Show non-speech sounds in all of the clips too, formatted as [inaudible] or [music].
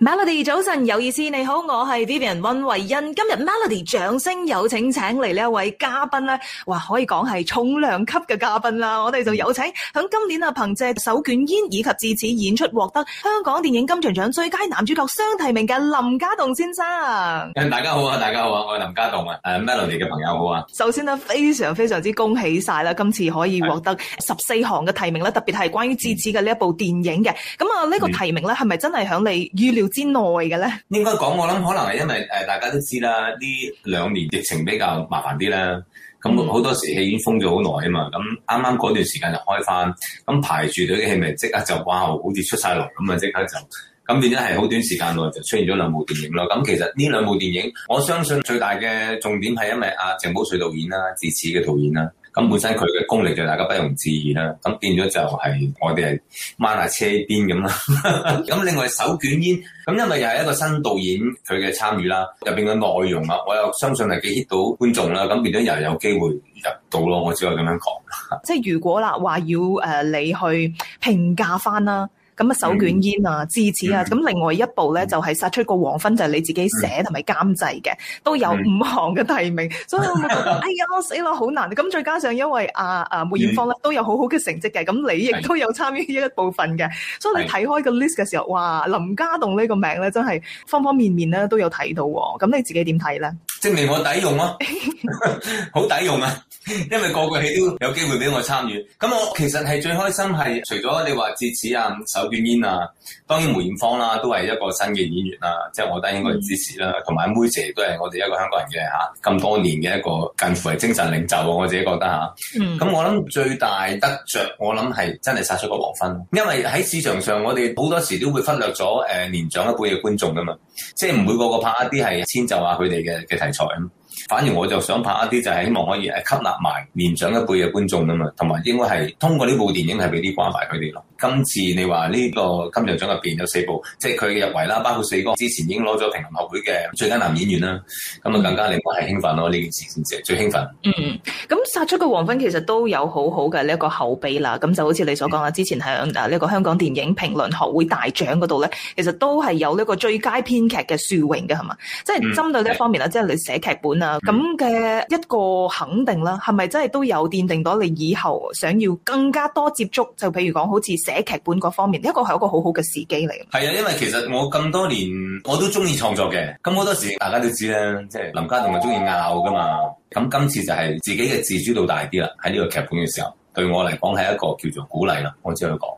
Melody 早晨有意思，你好，我係 Vivian 温慧欣。今日 Melody 掌聲有請，請嚟呢一位嘉賓咧，哇，可以講係重量級嘅嘉賓啦。我哋就有請響今年啊，憑借手捲煙以及智齒演出獲得香港電影金像獎最佳男主角雙提名嘅林家棟先生。大家好啊，大家好啊，我係林家棟啊。誒，uh，Melody 嘅朋友好啊。首先呢，非常非常之恭喜晒啦，今次可以獲得十四項嘅提名咧，特別係關於智齒嘅呢一部電影嘅。咁啊，呢個提名咧係咪真係響你預料？之內嘅咧，應該講我諗可能係因為誒，大家都知啦，呢兩年疫情比較麻煩啲啦，咁好多時戲院已經封咗好耐啊嘛，咁啱啱嗰段時間就開翻，咁排住隊嘅戲咪即刻就哇，好似出晒龍咁啊，即刻就，咁變咗係好短時間內就出現咗兩部電影咯。咁其實呢兩部電影，我相信最大嘅重點係因為阿鄭保瑞導演啦，自此嘅導演啦。咁本身佢嘅功力就大家不容置疑啦，咁變咗就係我哋係掹下車邊咁啦。咁另外手捲煙，咁因為又係一個新導演佢嘅參與啦，入邊嘅內容啊，我又相信係幾 hit 到觀眾啦，咁變咗又有機會入到咯。我只係咁樣講。即係如果啦，話要誒你去評價翻啦。咁啊手捲煙啊，智齒啊，咁另外一部咧就係、是、殺出個黃昏，就係、是、你自己寫同埋監製嘅，都有五項嘅提名， [laughs] 所以我就覺得，哎呀死咯，好難！咁再加上因為阿阿、啊、梅艷芳咧都有好好嘅成績嘅，咁你亦都有參與呢一部分嘅，的所以你睇開個 list 嘅時候，哇！林家棟呢個名咧真係方方面面咧都有睇到喎，咁你自己點睇咧？證明我抵用啊， [laughs] [laughs] 好抵用啊！因為個個戲都有機會俾我參與，咁我其實係最開心係，除咗你話智齒啊捲煙啊，當然梅艷芳啦，都係一個新嘅演員啦，即係我覺得應該支持啦。同埋妹姐都係我哋一個香港人嘅嚇，咁多年嘅一個近乎係精神領袖、啊，我自己覺得嚇、啊。咁、嗯、我諗最大得着，我諗係真係殺出個黃昏，因為喺市場上我哋好多時都會忽略咗誒年長一輩嘅觀眾噶嘛，即係唔會個個拍一啲係遷就下佢哋嘅嘅題材。反而我就想拍一啲就係希望可以誒吸納埋年長一輩嘅觀眾啊嘛，同埋應該係通過呢部電影係俾啲關懷佢哋咯。今次你話呢、呢個金像獎入邊有四部，即係佢入圍啦，包括四哥之前已經攞咗評論學會嘅最佳男演員啦，咁啊更加令我係興奮咯！呢件事先至係最興奮。嗯，咁殺出個黃昏其實都有好好嘅呢一個後備啦。咁就好似你所講啦，嗯、之前喺啊呢個香港電影評論學會大獎嗰度咧，其實都係有呢個最佳編劇嘅殊榮嘅，係嘛？即係針對呢一方面啦，即係、嗯嗯、你寫劇本咁嘅一個肯定啦，係咪真係都有奠定到你以後想要更加多接觸？就譬如講，好似寫劇本嗰方面，一個係一個好好嘅時機嚟。係啊，因為其實我咁多年我都中意創作嘅，咁好多時大家都知啦，即係是林家棟係中意拗㗎嘛。咁今次就係自己嘅自主度大啲啦，喺呢個劇本嘅時候，對我嚟講係一個叫做鼓勵啦。我只可以講，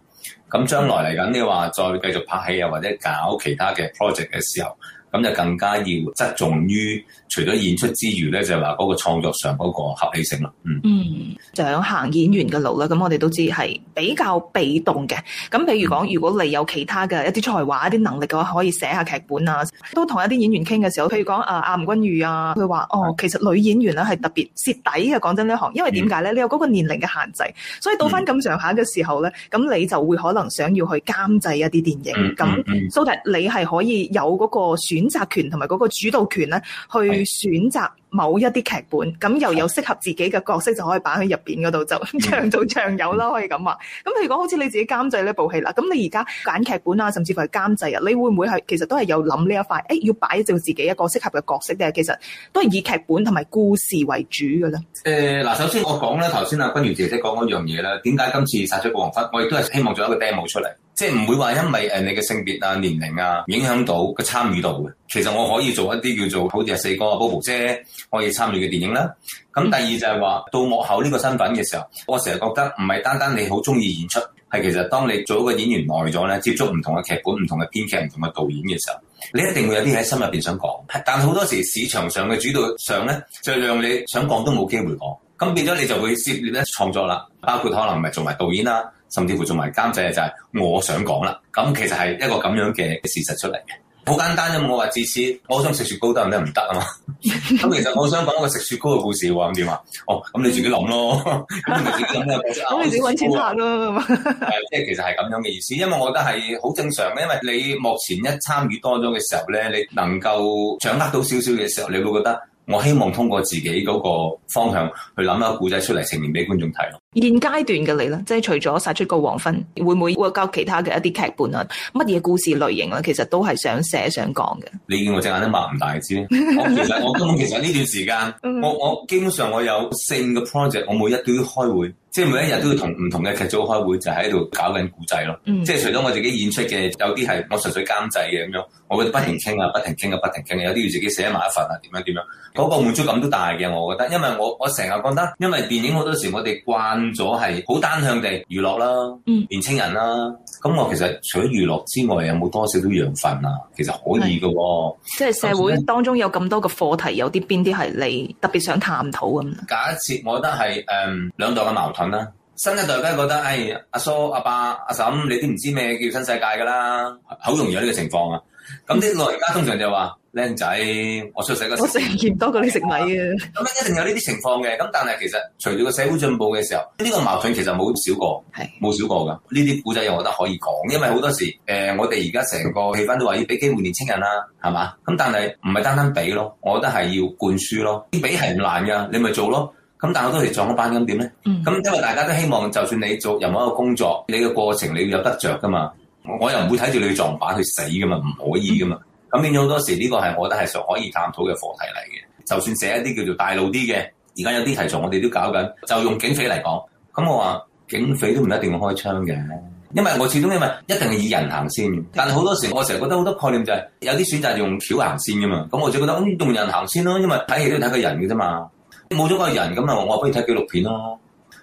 咁將來嚟緊你話再繼續拍戲啊，或者搞其他嘅 project 嘅時候。咁就更加要側重於除咗演出之餘咧，就係話嗰個創作上嗰個合理性啦、嗯。嗯，想行演員嘅路啦。咁我哋都知係比較被動嘅。咁譬如講，如果你有其他嘅一啲才華、一啲能力嘅話，可以寫下劇本啊。都同一啲演員傾嘅時候，譬如講啊，阿吳君如啊，佢話：哦，的其實女演員咧係特別蝕底嘅。講真呢一行，因為點解咧？你有嗰個年齡嘅限制，所以到返咁上下嘅時候咧，咁你就會可能想要去監製一啲電影。咁，所以、嗯，嗯嗯、你係可以有嗰個選擇。選擇權同埋嗰個主導權咧，去選擇某一啲劇本，咁的又有適合自己嘅角色，就可以擺喺入邊嗰度，就唱到唱有咯，可以咁話。咁譬如講，好似你自己監製呢部戲啦，咁你而家揀劇本啊，甚至乎係監製啊，你會唔會係其實都係有諗呢一塊？誒、欸，要擺正自己一個適合嘅角色定係其實都係以劇本同埋故事為主噶咧？誒，嗱，首先我講咧，頭先阿君如姐姐講嗰樣嘢咧，點解今次殺咗個王芬？我亦都係希望做一個 demo 出嚟。即係唔會話因為誒你嘅性別啊、年齡啊影響到個參與度嘅。其實我可以做一啲叫做好似係四哥、波波姐可以參與嘅電影啦。咁第二就係話到幕後呢個身份嘅時候，我成日覺得唔係單單你好中意演出，係其實當你做一個演員耐咗咧，接觸唔同嘅劇本、唔同嘅編劇、唔同嘅導演嘅時候，你一定會有啲喺心入邊想講。但係好多時市場上嘅主導上咧，就讓你想講都冇機會講。咁變咗你就會涉獵咧創作啦，包括可能咪做埋導演啦。甚至乎做埋監製嘅就係我想講啦，咁其實係一個咁樣嘅事實出嚟嘅，好簡單啫。我話自此，我想食雪糕得唔得唔得啊嘛。咁 [laughs] 其實我想講一個食雪糕嘅故事喎，咁點啊？哦，咁你自己諗咯，咁 [laughs] 你自己諗嘅咁你自己揾錢拍咯，咁 [laughs] 啊，即係 [laughs] 其實係咁樣嘅意思，因為我覺得係好正常嘅，因為你目前一參與多咗嘅時候咧，你能夠掌握到少少嘅時候，你會覺得。我希望通過自己嗰個方向去諗一個故仔出嚟呈現俾觀眾睇咯。現階段嘅你咧，即係除咗殺出個黃昏，會唔會會教其他嘅一啲劇本啊？乜嘢故事類型啊？其實都係想寫想講嘅。你見我隻眼都擘唔大知我其實我根本。其實呢段時間， [laughs] 我我基本上我有四五個 project，我每一都要開會。即係每一日都要同唔同嘅劇組開會，就喺度搞緊古仔咯。即係除咗我自己演出嘅，有啲係我純粹監製嘅咁樣，我覺得不停傾啊，不停傾啊，不停傾啊，有啲要自己寫埋一份啊，點樣點樣，嗰個滿足感都大嘅。我覺得，因為我我成日覺得，因為電影好多時我哋慣咗係好單向地娛樂啦，年輕人啦，咁我其實除咗娛樂之外，有冇多少少養分啊？其實可以㗎。即係社會當中有咁多個課題，有啲邊啲係你特別想探討咁？假設我覺得係誒兩代嘅矛盾。啦，新一代都係覺得，哎，阿叔、阿爸、阿嬸，你都唔知咩叫新世界噶啦，好容易有呢個情況啊。咁啲老人家通常就話：靚仔， [laughs] 我出世嗰時候，我食鹽多過你食米啊。咁樣一定有呢啲情況嘅。咁但係其實，隨住個社會進步嘅時候，呢、呢個矛盾其實冇少過，係冇少過噶。呢啲古仔又我覺得可以講，因為好多時，誒、呃，我哋而家成個氣氛都話要俾機會年青人啦，係嘛？咁但係唔係單單俾咯，我覺得係要灌輸咯。啲俾係唔難噶，你咪做咯。咁但係我都係撞咗板，咁點咧？咁因為大家都希望，就算你做任何一個工作，你嘅過程你要有得着噶嘛。我又唔會睇住你撞板去死噶嘛，唔可以噶嘛。咁變咗好多時，呢、這個係我覺得係尚可以探討嘅課題嚟嘅。就算寫一啲叫做大路啲嘅，而家有啲題材我哋都搞緊，就用警匪嚟講。咁我話警匪都唔一定要開槍嘅，因為我始終因為一定係以人行先。但係好多時我成日覺得好多概念就係、是、有啲選擇用橋行先噶嘛。咁我就覺得用、嗯、人行先咯，因為睇戲都睇個人嘅啫嘛。冇咗個人咁啊！我可以睇紀錄片咯。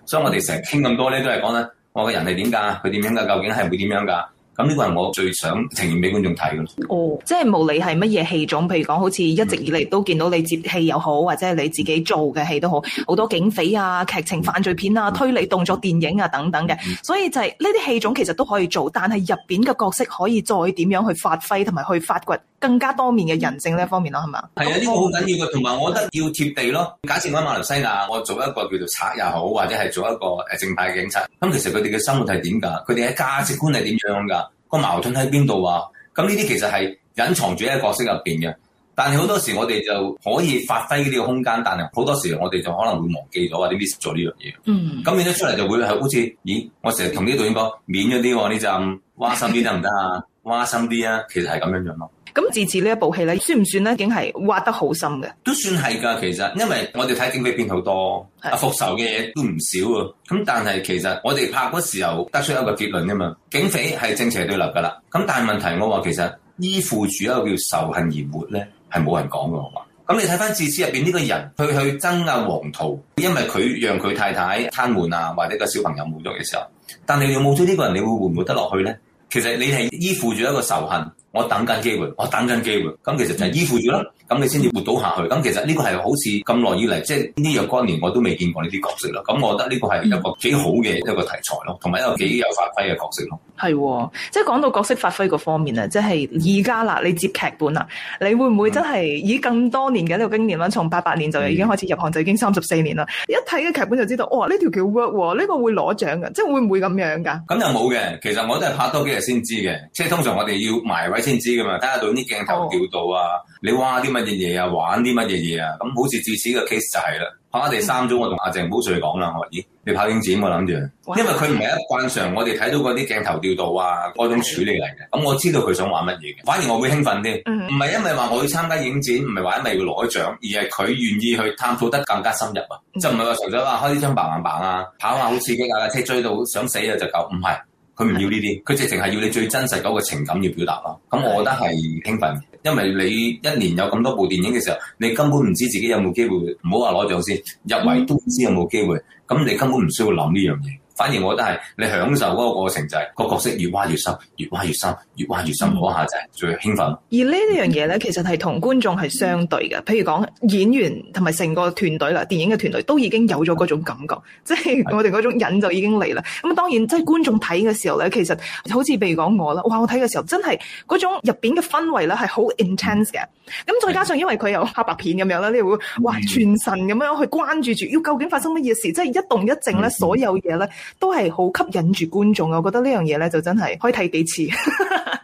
所以我哋成日傾咁多咧，都係講咧，我個人係點㗎？佢點樣㗎？究竟係會點樣㗎？咁呢個係我最想呈現俾觀眾睇嘅。哦，即係無理係乜嘢戲種？譬如講，好似一直以嚟都見到你接戲又好，或者係你自己做嘅戲都好，好多警匪啊、劇情犯罪片啊、推理動作電影啊等等嘅。所以就係呢啲戲種其實都可以做，但係入邊嘅角色可以再點樣去發揮同埋去發掘。更加多面嘅人性呢一方面咯，係嘛？係啊方，呢個好緊要嘅，同埋我覺得要貼地咯。假設我喺馬來西亞，我做一個叫做賊又好，或者係做一個誒正派警察，咁其實佢哋嘅生活係點噶？佢哋嘅價值觀係點樣噶？個矛盾喺邊度啊？咁呢啲其實係隱藏住喺角色入邊嘅。但係好多時我哋就可以發揮呢個空間，但係好多時我哋就可能會忘記咗或者 miss 咗呢樣嘢。嗯。咁變咗出嚟就會係好似，咦，我成日同呢啲導演講，免咗啲喎，呢陣挖心啲得唔得啊？挖心啲啊，其實係咁樣樣咯。咁《智齒呢一部戲咧，算唔算咧？竟係挖得好深嘅，都算係噶。其實，因為我哋睇警匪片好多，阿的復仇嘅嘢都唔少啊。咁但係其實我哋拍嗰時候得出一個結論啫嘛。警匪係正邪對立噶啦。咁但係問題我話其實依附住一個叫仇恨而活咧，係冇人講㗎我話。咁你睇翻《智齒入邊呢個人，佢去憎阿王桃，因為佢讓佢太太癱瘓啊，或者個小朋友冇咗嘅時候。但係有冇咗呢個人，你會活唔活得落去咧？其實你係依附住一個仇恨。我等緊機會，我等緊機會，咁其實就係依附住咯。咁你先至活到下去，咁其實呢個係好似咁耐以嚟，即係呢樣關年我都未見過呢啲角色啦。咁我覺得呢個係有個幾好嘅一個題材咯，同埋一個幾有發揮嘅角色咯。係、哦，即係講到角色發揮個方面啊，即係而家啦，你接劇本啦，你會唔會真係以咁多年嘅呢個經驗啦？從八八年就已經開始入行，嗯、就已經三十四年啦。一睇嘅劇本就知道，哦，呢、這、條、個、叫 work 呢個會攞獎嘅，即係會唔會咁樣噶？咁又冇嘅，其實我都係拍多幾日先知嘅，即係通常我哋要埋位先知噶嘛，睇下到啲鏡頭調度啊。哦你玩啲乜嘢嘢啊？玩啲乜嘢嘢啊？咁好似至此嘅 case 就係啦。啱啱第三組，我同阿鄭寶瑞講啦。我話：咦，你跑影展我諗住，因為佢唔係一慣常我哋睇到嗰啲鏡頭調度啊，嗰種處理嚟嘅。咁我知道佢想玩乜嘢嘅，反而我會興奮啲。唔係因為話我要參加影展，唔係話要攞獎，而係佢願意去探索得更加深入啊。即係唔係話頭仔話開呢張白眼板白啦，跑下好刺激啊，架車追到想死啊就夠。唔係，佢唔要呢啲，佢直情係要你最真實嗰個情感要表達咯。咁我覺得係興奮。因為你一年有咁多部電影嘅時候，你根本唔知自己有冇機會，唔好話攞獎先，入圍都唔知有冇機會，咁你根本唔需要諗呢樣嘢。反而我覺得係，你享受嗰個過程就係個角色越挖越深，越挖越深，越挖越深嗰下就係最興奮。而呢一樣嘢咧，其實係同觀眾係相對嘅。譬、嗯、如講演員同埋成個團隊啦，電影嘅團隊都已經有咗嗰種感覺，是即係我哋嗰種癮就已經嚟啦。咁啊當然即係觀眾睇嘅時候咧，其實好似譬如講我啦，哇！我睇嘅時候真係嗰種入邊嘅氛圍咧係好 intense 嘅。咁再加上因為佢有黑白片咁樣啦，你會哇，全神咁樣去關注住，要究竟發生乜嘢事？即係一動一靜咧，是嗯、所有嘢咧。都係好吸引住觀眾嘅，我覺得呢樣嘢咧就真係可以睇幾次。 [laughs]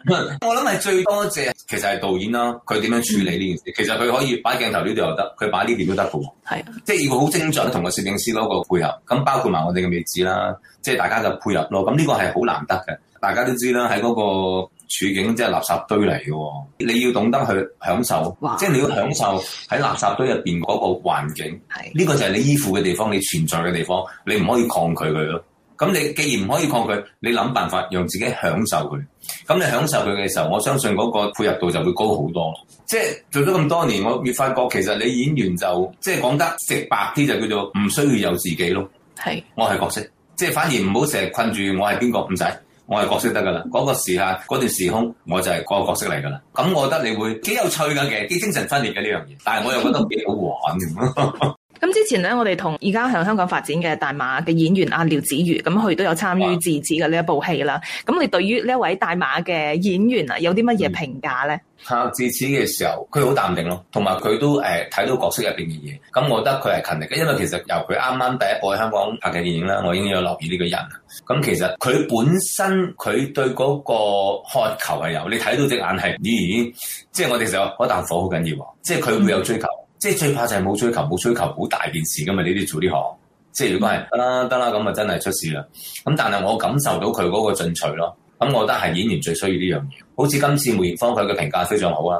我諗係最多謝，其實係導演啦，佢點樣處理呢件事，嗯、其實佢可以擺鏡頭呢度又得，佢擺呢邊都得嘅。係、啊，即係要好精準同個攝影師嗰個配合。咁包括埋我哋嘅位置啦，即係大家嘅配合咯。咁呢個係好難得嘅，大家都知啦。喺嗰個處境即係、就是、垃圾堆嚟嘅，你要懂得去享受，哇即係你要享受喺垃圾堆入邊嗰個環境。係是，呢個就係你依附嘅地方，你存在嘅地方，你唔可以抗拒佢咯。咁你既然唔可以抗拒，你諗辦法讓自己享受佢。咁你享受佢嘅時候，我相信嗰個配合度就會高好多。即係做咗咁多年，我越發覺其實你演員就即係講得直白啲，就叫做唔需要有自己咯。係，我係角色，即係反而唔好成日困住我係邊個，唔使，我係角色得噶啦。嗰個時下嗰段時空，我就係嗰個角色嚟噶啦。咁我覺得你會幾有趣噶，嘅幾精神分裂嘅呢樣嘢。但係我又覺得幾好玩。 [laughs] 咁之前咧，我哋同而家向香港發展嘅大馬嘅演員阿廖子妤，咁佢都有參與《智齒》嘅呢一部戲啦。咁哇你對於呢一位大馬嘅演員啊，有啲乜嘢評價咧？嚇、嗯，《智齒》嘅時候，佢好淡定咯，同埋佢都誒睇到角色入邊嘅嘢。咁我覺得佢係勤力嘅，因為其實由佢啱啱第一部喺香港拍嘅電影啦，我已經有留意呢個人。咁其實佢本身佢對嗰個渴求係有，你睇到隻眼係咦，即、哎、係、就是、我哋就嗰啖火好緊要，即係佢會有追求。嗯即係最怕就係冇追求，冇追求好大件事噶嘛？你啲做呢行，即係如果係得啦得啦，咁啊真係出事啦。咁但係我感受到佢嗰個進取咯，咁我覺得係演員最需要呢樣嘢。好似今次梅艷芳佢嘅評價非常好啊。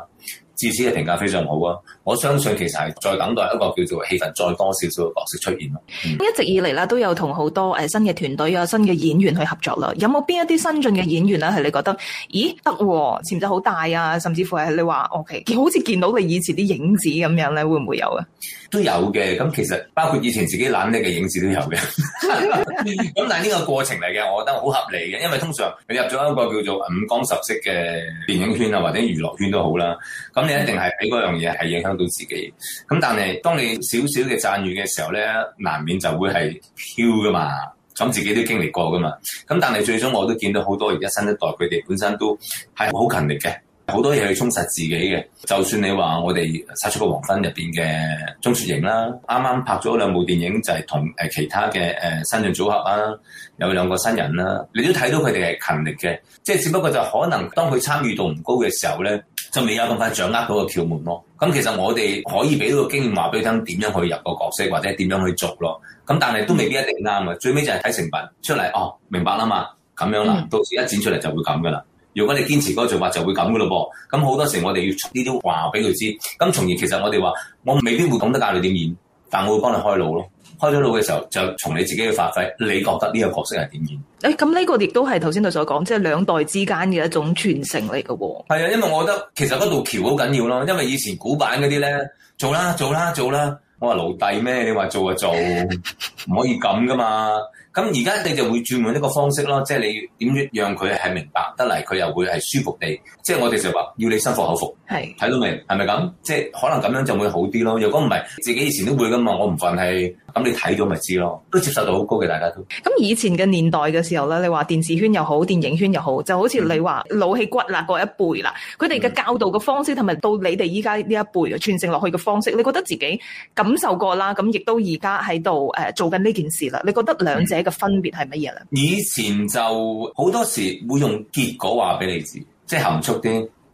自身嘅評價非常好啊！我相信其實係再等待一個叫做戲份再多少少嘅角色出現咯。嗯、一直以嚟啦，都有同好多誒新嘅團隊啊、新嘅演員去合作啦。有冇邊一啲新進嘅演員咧係你覺得咦得、啊、潛質好大啊？甚至乎係你話 O K，好似見到佢以前啲影子咁樣咧，會唔會有啊？都有嘅。咁、嗯、其實包括以前自己懶叻嘅影子都有嘅。咁 [laughs] [laughs] 但係呢個過程嚟嘅，我覺得好合理嘅，因為通常你入咗一個叫做五光十色嘅電影圈啊，或者娛樂圈都好啦。咁一定係畀嗰樣嘢係影響到自己，咁但係當你少少嘅讚譽嘅時候咧，難免就會係飄㗎嘛，咁自己都經歷過㗎嘛，咁但係最終我都見到好多而家新一代佢哋本身都係好勤力嘅。好多嘢去充實自己嘅，就算你話我哋殺出個黃昏入邊嘅鍾雪瑩啦，啱啱拍咗兩部電影，就係同誒其他嘅誒新人組合啦、啊，有兩個新人啦，你都睇到佢哋係勤力嘅，即係只不過就可能當佢參與度唔高嘅時候咧，就未有咁快掌握到個竅門咯。咁其實我哋可以俾到個經驗話俾佢聽，點樣去入個角色或者點樣去做咯。咁但係都未必一定啱嘅，最尾就係睇成品出嚟哦，明白啦嘛，咁樣啦，到時一剪出嚟就會咁噶啦。如果你堅持嗰個做法，就會咁噶咯噃。咁好多時我哋要呢啲話俾佢知。咁從而其實我哋話，我未必會懂得教你點演，但我會幫你開路咯。開咗路嘅時候，就從你自己去發揮，你覺得呢個角色係點演？誒、哎，咁呢個亦都係頭先佢所講，即係兩代之間嘅一種傳承嚟嘅喎。係啊，因為我覺得其實嗰度橋好緊要咯。因為以前古板嗰啲咧，做啦做啦做啦，做啦，我話奴隸咩？你話做就做，唔可以咁噶嘛。咁而家你就會轉換一個方式咯，即係你點樣讓佢係明白得嚟，佢又會係舒服，你即係我哋就話要你心服口服，係睇是到未？係咪咁？嗯、即係可能咁樣就會好啲咯。如果唔係，自己以前都會噶嘛，我唔憤氣。咁你睇咗咪知咯，都接受到好高嘅大家都。咁以前嘅年代嘅時候咧，你話電視圈又好，電影圈又好，就好似你話、嗯、老戲骨啦嗰一輩啦，佢哋嘅教導嘅方式同埋、嗯、到你哋依家呢一輩傳承落去嘅方式，你覺得自己感受過啦，咁亦都而家喺度誒做緊呢件事啦。你覺得兩者分別係乜嘢咧？以前就好多時會用結果話俾你知，即係含蓄啲，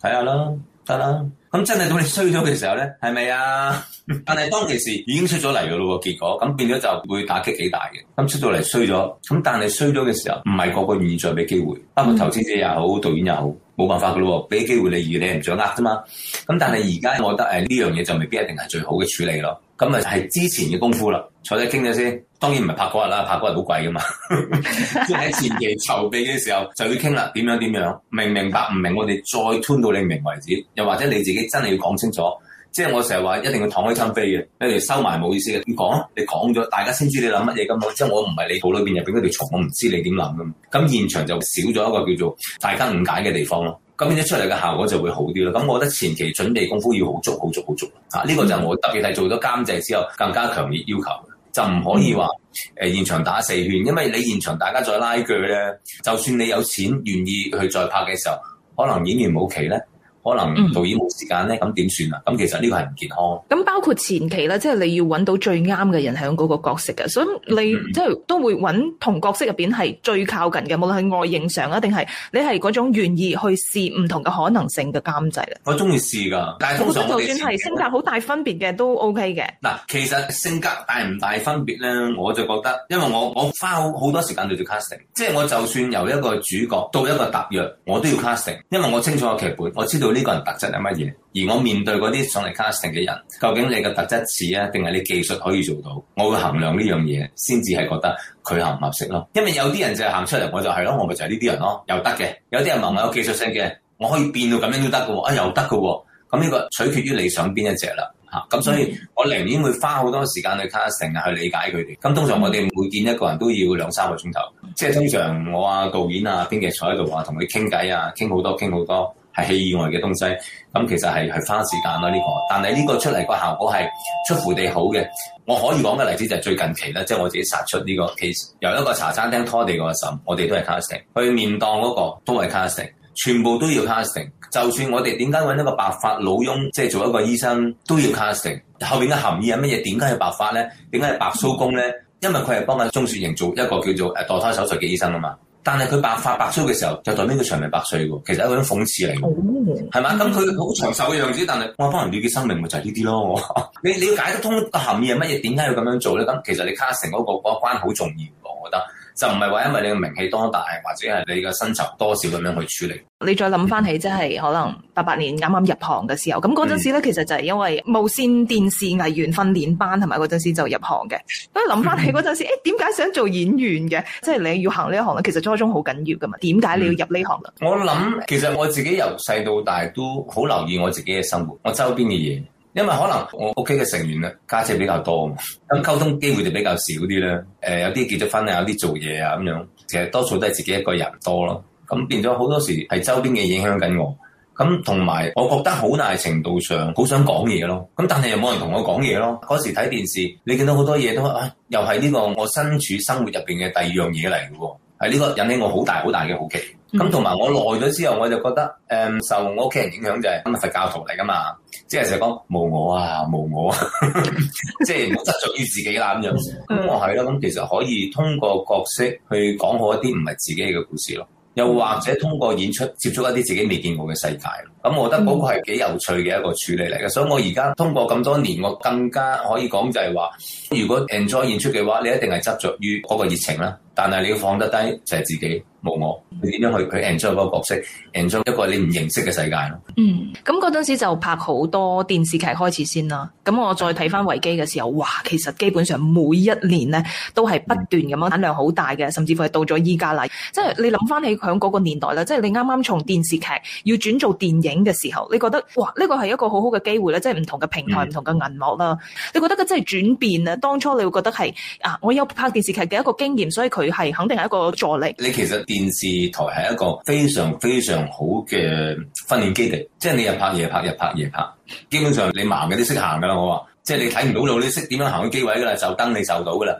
睇下啦，得啦。咁真係到你衰咗嘅時候咧，係咪啊？ [laughs] 但係當其時已經出咗嚟噶咯，結果咁變咗就會打擊幾大嘅。咁出到嚟衰咗，咁但係衰咗嘅時候，唔係個個願意再俾機會，包括投資者也好，導演也好，冇辦法噶咯，俾機會你，你，你唔掌握啫嘛。咁但係而家我覺得誒呢樣嘢就未必一定係最好嘅處理咯。咁咪係之前嘅功夫啦，坐低傾咗先。當然唔係拍嗰日啦，拍嗰日好貴噶嘛。即 [laughs] 係前期籌備嘅時候就要傾啦，點樣點樣，明明白唔明，白明白？我哋再穿到你明為止，又或者你自己真係要講清楚。即係我成日話一定要敞開心扉嘅，你哋收埋冇意思嘅。你講，你講咗，大家先知你諗乜嘢咁咯。即係我唔係你肚裏邊入邊嗰條蟲，我唔知你點諗嘅。咁現場就少咗一個叫做大家誤解嘅地方咯。咁變咗出嚟嘅效果就會好啲咯。咁我覺得前期準備功夫要好足、好足、好足。嚇、啊，呢、這個就我特別係做咗監製之後更加強烈要求，就唔可以話誒現場打四圈，因為你現場大家再拉鋸咧，就算你有錢願意去再拍嘅時候，可能演員冇期咧。嗯、可能導演冇時間咧，咁點算啊？咁其實呢個係唔健康。咁、嗯嗯、包括前期咧，即、就、係、是、你要揾到最啱嘅人喺嗰個角色嘅，所以你即係、就是、都會揾同角色入邊係最靠近嘅，無論係外形上啊，定係你係嗰種願意去試唔同嘅可能性嘅監製咧。我中意試㗎，但係通常就算係性格好大分別嘅都 OK 嘅。嗱，其實性格大唔大分別咧，我就覺得，因為我我花好多時間對住 casting，即係我就算由一個主角到一個特約，我都要 casting，因為我清楚個劇本，我知道。呢個人特質係乜嘢？而我面對嗰啲上嚟 casting 嘅人，究竟你嘅特質似啊，定係你技術可以做到？我會衡量呢樣嘢，先至係覺得佢合唔合適咯。因為有啲人就係行出嚟，我就係、是、咯，我咪就係呢啲人咯，又得嘅。有啲人問我有技術性嘅，我可以變到咁樣都得嘅，啊又得嘅。咁、這、呢個取決於你想邊一隻啦，嚇。咁所以，我寧願會花好多時間去 casting，去理解佢哋。咁通常我哋每見一個人都要兩三個鐘頭，即係通常我啊導演啊編劇坐喺度啊，同佢傾偈啊，傾好多傾好多。係戲以外嘅東西，咁、嗯、其實係係花時間啦、啊、呢、這個，但係呢個出嚟個效果係出乎地好嘅。我可以講嘅例子就係最近期啦，即、就、係、是、我自己殺出呢個 case，由一個茶餐廳拖地個嬸，我哋都係 casting，去麵檔嗰個都係 casting，全部都要 casting。就算我哋點解揾一個白髮老翁即係、就是、做一個醫生，都要 casting 後。後邊嘅含義係乜嘢？點解係白髮咧？點解係白鬚公咧？因為佢係幫緊鍾雪瑩做一個叫做誒墮胎手術嘅醫生啊嘛。但係佢白髮白須嘅時候，就代表佢長命百歲喎。其實係嗰種諷刺嚟嘅，係嘛、嗯？咁佢好長壽嘅樣子，但係我可能要嘅生命，咪就係呢啲咯。 [laughs] 你你要解得通個含義係乜嘢？點、哎、解要咁樣做咧？咁其實你卡成嗰個嗰一、那個、關好重要喎，我覺得。就唔係話因為你嘅名氣多大，或者係你嘅薪酬多少咁樣去處理。你再諗翻起，即係可能八八年啱啱入行嘅時候，咁嗰陣時咧，其實就係因為無綫電視藝員訓練班，同埋嗰陣時就入行嘅。咁諗翻起嗰陣時，誒、嗯，點解、欸、想做演員嘅？即、就、係、是、你要行呢一行咧，其實初衷好緊要噶嘛。點解你要入呢行咧、嗯？我諗，其實我自己由細到大都好留意我自己嘅生活，我周邊嘅嘢。因為可能我屋企嘅成員啊，家姐比較多啊嘛，咁溝通機會就比較少啲啦。誒，有啲結咗婚啊，有啲做嘢啊咁樣，其實多數都係自己一個人多咯。咁變咗好多時係周邊嘅影響緊我。咁同埋我覺得好大程度上好想講嘢咯。咁但係又冇人同我講嘢咯。嗰時睇電視，你見到好多嘢都啊，又係呢個我身處生活入邊嘅第二樣嘢嚟嘅喎。呢個引起我好大好大嘅好奇、嗯。咁同埋我耐咗之後，我就覺得誒受我屋企人影響就係，因為佛教徒嚟噶嘛，即係成日講無我啊，無我啊，即係唔好執着於自己啦咁樣 [laughs] 的。咁、嗯嗯、我係咯、啊，咁其實可以通過角色去講好一啲唔係自己嘅故事咯。又或者通過演出接觸一啲自己未見過嘅世界。咁我覺得嗰個係幾有趣嘅一個處理嚟嘅。所以我而家通過咁多年，我更加可以講就係話，如果 enjoy 演出嘅話，你一定係執着於嗰個熱情啦。但係你要放得低，就係、是、自己冇我。你點樣去佢 enjoy 嗰個角色，enjoy 一個你唔認識嘅世界咯。嗯，咁嗰陣時就拍好多電視劇開始先啦。咁我再睇翻維基嘅時候，哇，其實基本上每一年咧都係不斷咁樣產量好大嘅，甚至乎係到咗依家嚟，即、就、係、是、你諗翻起響嗰個年代啦，即、就、係、是、你啱啱從電視劇要轉做電影嘅時候，你覺得哇，呢個係一個好好嘅機會啦，即係唔同嘅平台、唔、嗯、同嘅銀幕啦。你覺得佢真係轉變啊！當初你會覺得係啊，我有拍電視劇嘅一個經驗，所以佢。係肯定係一個助力。你其實電視台係一個非常非常好嘅訓練基地，即係你日拍夜拍，日拍夜拍，基本上你盲嘅都識行噶啦。我話，即係你睇唔到路，你識點樣行啲機位噶啦，就燈你受到噶啦。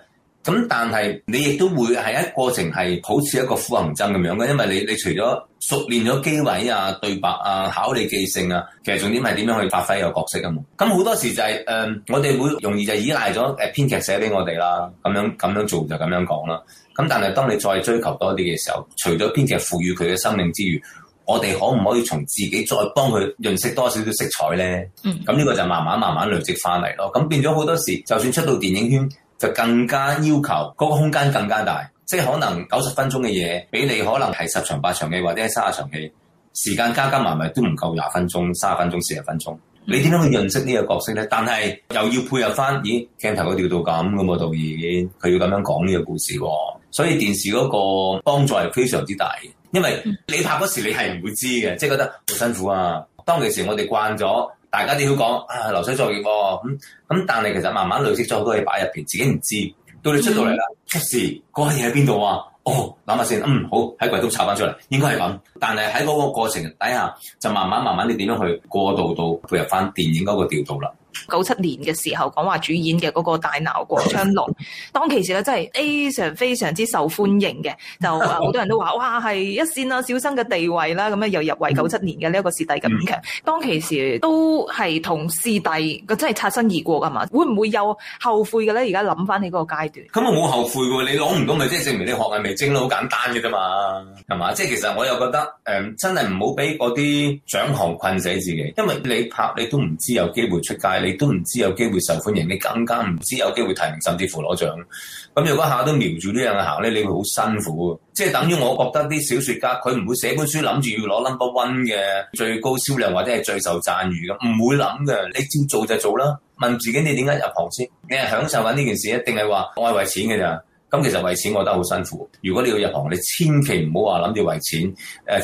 咁但係你亦都會係一個過程係好似一個苦行僧咁樣嘅，因為你你除咗熟練咗機位啊、對白啊、考你記性啊，其實重點係點樣去發揮個角色啊嘛？咁好多時就係、是、誒、呃，我哋會容易就依賴咗誒編劇寫俾我哋啦，咁樣咁樣做就咁樣講啦。咁但係當你再追求多啲嘅時候，除咗編劇賦予佢嘅生命之餘，我哋可唔可以從自己再幫佢認識多少少色彩咧？嗯，咁呢個就慢慢慢慢累積翻嚟咯。咁變咗好多時，就算出到電影圈。就更加要求嗰個空間更加大，即係可能九十分鐘嘅嘢，俾你可能係十場八場嘅或者係三十場戲，時間加加埋埋都唔夠廿分鐘、三十分鐘、四十分鐘，你點樣去認識呢個角色呢？但係又要配合返，咦，鏡頭嗰度調到咁㗎嘛，導演，佢要咁樣講呢個故事喎，所以電視嗰個幫助係非常之大，因為你拍嗰時你係唔會知嘅，即係覺得好辛苦啊。當其時我哋慣咗。大家都要講啊，流水作業咁、啊、咁、嗯，但係其實慢慢累積咗好多嘢擺入邊，自己唔知到你出到嚟啦，嗯、出事嗰樣嘢喺邊度啊？哦，諗下先，嗯，好，喺櫃都炒翻出嚟，應該係咁。但係喺嗰個過程底下，就慢慢慢慢你點樣去過渡到配合翻電影嗰個調度啦。九七年嘅時候講話主演嘅嗰個大鬧廣昌隆， [laughs] 當其時咧真係非常非常之受歡迎嘅，就好多人都話哇係一線啊小生嘅地位啦，咁咧又入圍九七年嘅呢一個視帝五強，當其時都係同視帝個真係擦身而過噶嘛，會唔會有後悔嘅咧？而家諗翻起嗰個階段，咁我冇後悔嘅，你攞唔到咪即係證明你學藝未精咯，好簡單嘅啫嘛，係嘛？即、就、係、是、其實我又覺得誒、嗯，真係唔好俾嗰啲獎項困死自己，因為你拍你都唔知有機會出街。你都唔知有機會受歡迎，你更加唔知有機會提名甚至乎攞獎。咁如果下都瞄住呢樣行咧，你會好辛苦。即係等於我覺得啲小説家佢唔會寫本書諗住要攞 number one 嘅最高銷量或者係最受讚譽嘅，唔會諗嘅。你照做就做啦。問自己你點解入行先？你係享受緊呢件事，定係話愛為錢嘅咋？咁其實為錢我覺得好辛苦。如果你要入行，你千祈唔好話諗住為錢，誒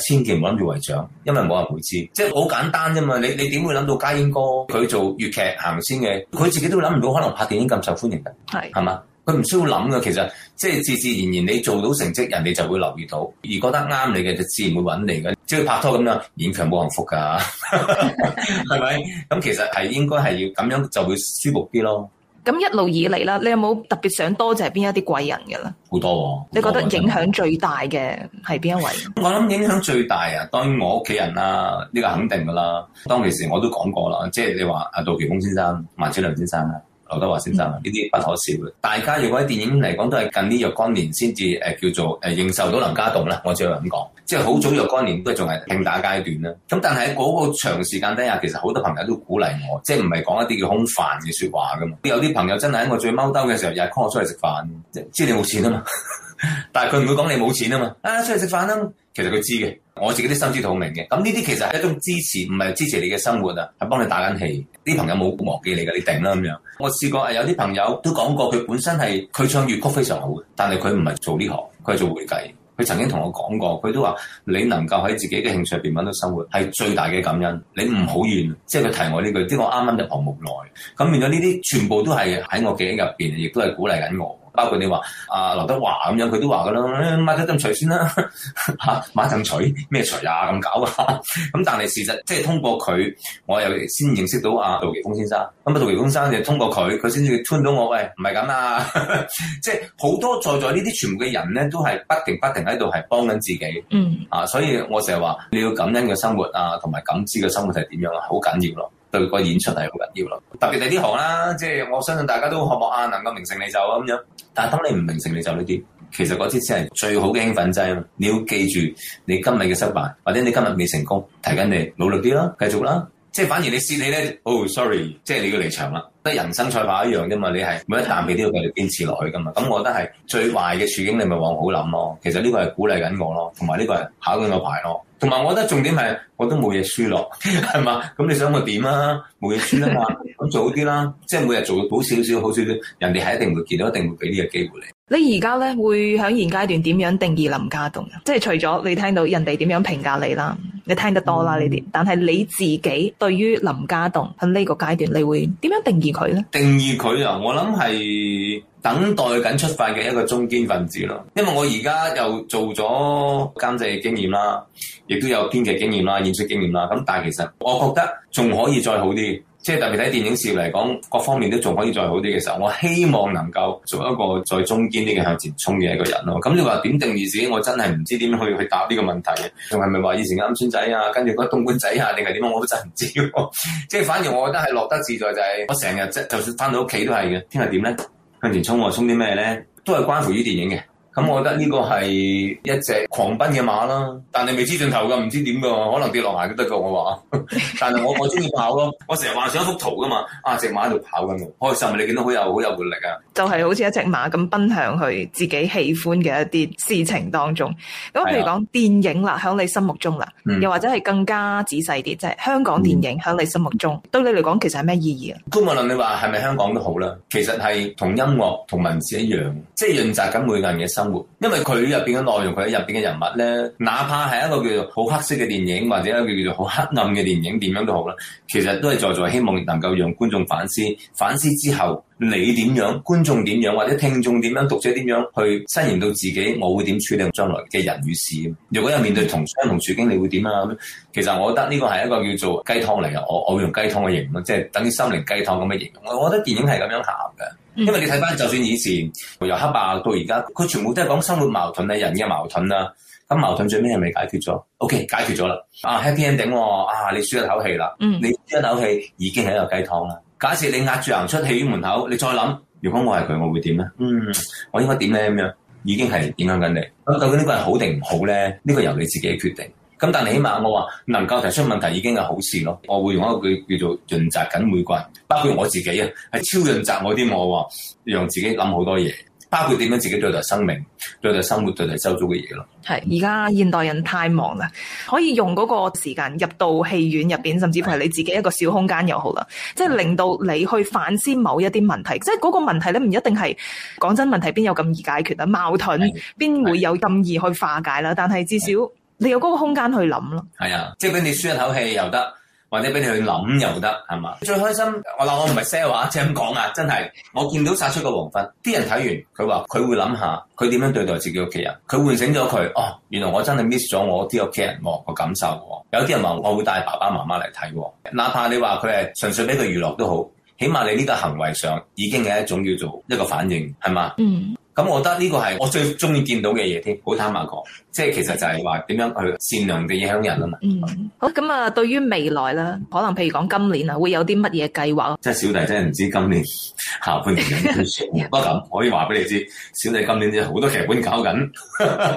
千祈唔好諗住為獎，因為冇人會知。即係好簡單啫嘛。你你點會諗到家英哥佢做粵劇行先嘅？佢自己都諗唔到，可能拍電影咁受歡迎嘅是。係係嘛？佢唔需要諗嘅。其實即係自自然然，你做到成績，人哋就會留意到。而覺得啱你嘅，就自然會揾你嘅。即係拍拖咁樣，演員冇幸福㗎，係咪？咁其實係應該係要咁樣就會舒服啲咯。咁一路以嚟啦，你有冇特別想多謝邊一啲貴人嘅咧？好多、啊，多啊、你覺得影響最大嘅係邊一位？我諗影響最大啊，當然我屋企人啦，呢、呢個肯定噶啦。當其時我都講過啦，即係你話阿杜琪峰先生、萬梓良先生。劉德華先生啊，呢啲不可少嘅。大家如果喺電影嚟講，都係近呢若干年先至誒叫做誒認受到林家棟啦。我只可以咁講，即係好早若干年都係仲係拼打階段啦。咁但係喺嗰個長時間底下，其實好多朋友都鼓勵我，即係唔係講一啲叫空泛嘅説話噶嘛。有啲朋友真係喺我最踎兜嘅時候，日 call 我出嚟食飯，即係知你冇錢啊嘛。 [laughs] 但係佢唔會講你冇錢啊嘛。啊，出嚟食飯啊！其實佢知嘅，我自己都心知肚明嘅。咁呢啲其實係一種支持，唔係支持你嘅生活啊，係幫你打緊氣。啲朋友冇忘記你㗎，你定啦咁樣。我試過係有啲朋友都講過，佢本身係佢唱粵曲非常好嘅，但係佢唔係做呢行，佢係做會計。佢曾經同我講過，佢都話你能夠喺自己嘅興趣入邊揾到生活係最大嘅感恩。你唔好怨，即係佢提我呢句，即係我啱啱入行無耐。咁變咗呢啲全部都係喺我記憶入邊，亦都係鼓勵緊我。包括你話啊，劉德華咁樣，佢都話噶啦，買一陣除先啦，嚇買凳陣除咩除啊咁搞啊咁， [laughs] 但係事實即係通過佢，我又先認識到啊杜琪峰先生。咁啊杜琪峰先生就通過佢，佢先至穿到我，喂唔係咁啊， [laughs] 即係好多在座呢啲全部嘅人咧，都係不停不停喺度係幫緊自己，嗯、mm hmm. 啊，所以我成日話你要感恩嘅生活啊，同埋感知嘅生活係點樣啊，好緊要咯。對個演出係好緊要咯，特別係啲行啦，即係我相信大家都渴望啊，能夠名成利就咁樣。但係當你唔名成利就呢啲，其實嗰啲先係最好嘅興奮劑啊！你要記住，你今日嘅失敗，或者你今日未成功，提緊你努力啲啦，繼續啦。即係反而你蝕你咧，哦、oh，sorry，即係你要離場啦。得人生賽跑一樣啫嘛，你係每一啖都都要繼續堅持落去噶嘛。咁、嗯、我覺得係最壞嘅處境，你咪往好諗咯、啊。其實呢個係鼓勵緊我咯、啊，同埋呢個係考緊我牌咯、啊。同埋我覺得重點係我都冇嘢輸咯，係嘛？咁你想我點啊？冇嘢輸啊嘛，咁做好啲啦。即係每日做好少少，好少少，人哋係一定會見到，一定會俾呢個機會你。你而家咧會喺現階段點樣定義林家棟嘅？即係除咗你聽到人哋點樣評價你啦，你聽得多啦呢啲，但係你自己對於林家棟喺呢個階段，你會點樣定義佢呢？定義佢啊，我諗係等待緊出發嘅一個中堅分子咯。因為我而家又做咗監製嘅經驗啦，亦都有編劇經驗啦、演出經驗啦。咁但係其實我覺得仲可以再好啲。即係特別睇電影事業嚟講，各方面都仲可以再好啲嘅時候，我希望能夠做一個再中堅啲嘅向前衝嘅一個人咯。咁、嗯、你話點定義自己？我真係唔知點樣去去答呢個問題嘅。仲係咪話以前啱村仔啊，跟住嗰東莞仔啊，定係點啊？我都真唔知。 [laughs] 即係反而我覺得係樂得自在就係、是、我成日即就算翻到屋企都係嘅。聽日點咧？向前衝啊！衝啲咩咧？都係關乎於電影嘅。咁、嗯、我覺得呢個係一隻狂奔嘅馬啦，但你未知盡頭㗎，唔知點㗎，可能跌落埋都得㗎。我話，但係我我中意跑咯，我成日幻想一幅圖㗎嘛，啊，隻馬喺度跑緊㗎，開、啊、心你見到好有好有活力啊！就係好似一隻馬咁奔向去自己喜歡嘅一啲事情當中。咁譬如講電影啦，喺你心目中啦，啊、又或者係更加仔細啲，即、就、係、是、香港電影喺你心目中、嗯、對你嚟講其實係咩意義啊？高文麟，你話係咪香港都好啦，其實係同音樂同文字一樣，即係潤澤緊每個人嘅心。因為佢入邊嘅內容，佢入邊嘅人物咧，哪怕係一個叫做好黑色嘅電影，或者一個叫做好黑暗嘅電影，點樣都好啦，其實都係在座希望能夠讓觀眾反思，反思之後你點樣，觀眾點樣，或者聽眾點樣，讀者點樣去伸延到自己，我會點處理將來嘅人與事。如果有面對同相同處境，你會點啊？其實我覺得呢個係一個叫做雞湯嚟嘅，我我會用雞湯嘅形容，即係等於心靈雞湯咁嘅形容。我覺得電影係咁樣行嘅。因為你睇翻，就算以前由黑白到而家，佢全部都係講生活矛盾啊，人嘅矛盾啦。咁矛盾最尾係咪解決咗？OK，解決咗啦，啊 Happy ending，啊你舒一口氣啦，你舒一口氣已經係一個雞湯啦。假設你壓住行出戲院門口，你再諗，如果我係佢，我會點咧？嗯，我應該點咧？咁樣已經係影響緊你。咁、啊、究竟個人呢個係好定唔好咧？呢、呢個由你自己決定。咁但係起碼我話能夠提出問題已經係好事咯。我會用一句叫做潤澤緊每個人，包括我自己啊，係超潤澤我啲我話，讓自己諗好多嘢，包括點樣自己對待生命、對待生活、對待周遭嘅嘢咯。係而家現代人太忙啦，可以用嗰個時間入到戲院入邊，甚至乎係你自己一個小空間又好啦，即係令到你去反思某一啲問題。即係嗰個問題咧，唔一定係講真問題，邊有咁易解決啊？矛盾邊會有咁易去化解啦？但係至少，你有嗰個空間去諗咯，係啊，即係俾你舒一口氣又得，或者俾你去諗又得，係嘛？最開心，我嗱、啊，我唔係 sell 話，就咁講啊，真係我見到殺出個黃昏，啲人睇完，佢話佢會諗下，佢點樣對待自己屋企人，佢喚醒咗佢，哦，原來我真係 miss 咗我啲屋企人喎，個感受。有啲人話，我會帶爸爸媽媽嚟睇喎，哪怕你話佢係純粹俾佢娛樂都好，起碼你呢個行為上已經係一種叫做一個反應，係嘛？嗯。咁我覺得呢個係我最中意見到嘅嘢添，好坦白講，即係其實就係話點樣去善良地影響人啊嘛。嗯，好，咁啊，對於未來啦，可能譬如講今年啊，會有啲乜嘢計劃？即係小弟真係唔知今年下半年有啲乜嘢，不過 [laughs] 可以話俾你知，小弟今年好多劇本搞緊。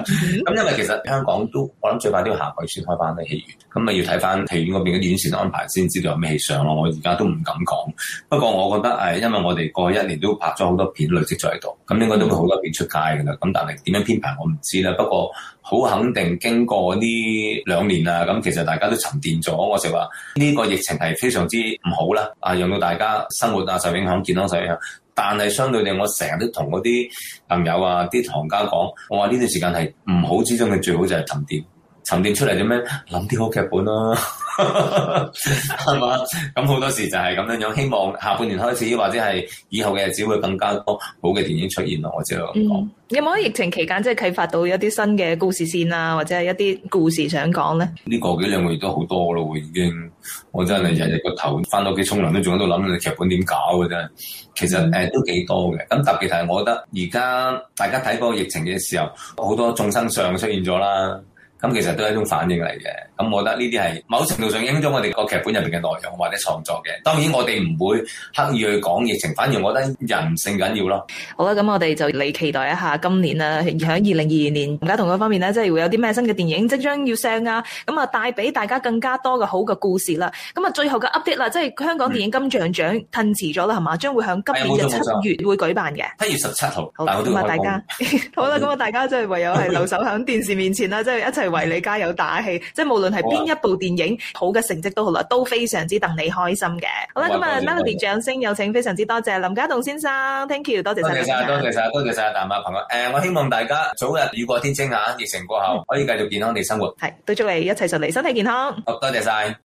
咁 [laughs] 因為其實香港都我諗最快都要下季先開翻啲戲院，咁啊要睇翻戲院嗰邊嘅院線安排先知道有咩戲上咯。我而家都唔敢講，不過我覺得誒，因為我哋過去一年都拍咗好多片累積在度，咁應該都會好出街噶啦，咁但係點樣編排我唔知啦。不過好肯定，經過呢兩年啊，咁其實大家都沉澱咗。我成話呢個疫情係非常之唔好啦，啊，讓到大家生活啊受影響，健康受影響。但係相對地，我成日都同嗰啲朋友啊、啲行家講，我話呢段時間係唔好之中嘅最好就係沉澱。沉澱出嚟點咩？諗啲好劇本啦、啊，係 [laughs] 嘛？咁好多時就係咁樣樣。希望下半年開始或者係以後嘅，日子會更加多好嘅電影出現咯。我只係咁講。有冇喺疫情期間即係啟發到一啲新嘅故事線啊，或者係一啲故事想講咧？呢個幾兩個月都好多咯，已經。我真係日日個頭返到屋企沖涼都仲喺度諗，你劇、嗯、本點搞嘅真係。其實誒都幾多嘅。咁特別係我覺得而家大家睇嗰個疫情嘅時候，好多眾生相出現咗啦。咁其實都係一種反應嚟嘅，咁、嗯、我覺得呢啲係某程度上影響咗我哋個劇本入邊嘅內容或者創作嘅。當然我哋唔會刻意去講疫情，反而我覺得人性緊要咯。好啦，咁我哋就嚟期待一下今年啦，而喺二零二二年而家同佢方面咧，即係會有啲咩新嘅電影即將要上啊，咁啊帶俾大家更加多嘅好嘅故事啦、啊。咁啊最後嘅 update 啦，即係香港電影金像獎褪遲咗啦，係嘛、嗯？將會喺今年嘅七月會舉辦嘅七月十七號。好大家 [laughs] 好啦，咁啊、嗯、大家即係唯有係留守喺電視面前啦，即係一齊。為你加油打氣，即係無論係邊一部電影，好嘅成績都好啦，都非常之等你開心嘅。好啦，咁啊，melody 掌聲有請，非常之多謝林家棟先生，thank you，多謝晒，多謝晒，多謝晒，多謝晒，大馬朋友。誒，我希望大家早日雨過天晴啊，疫情過後可以繼續健康地生活。係，都祝你，一切順利，身體健康。多謝晒。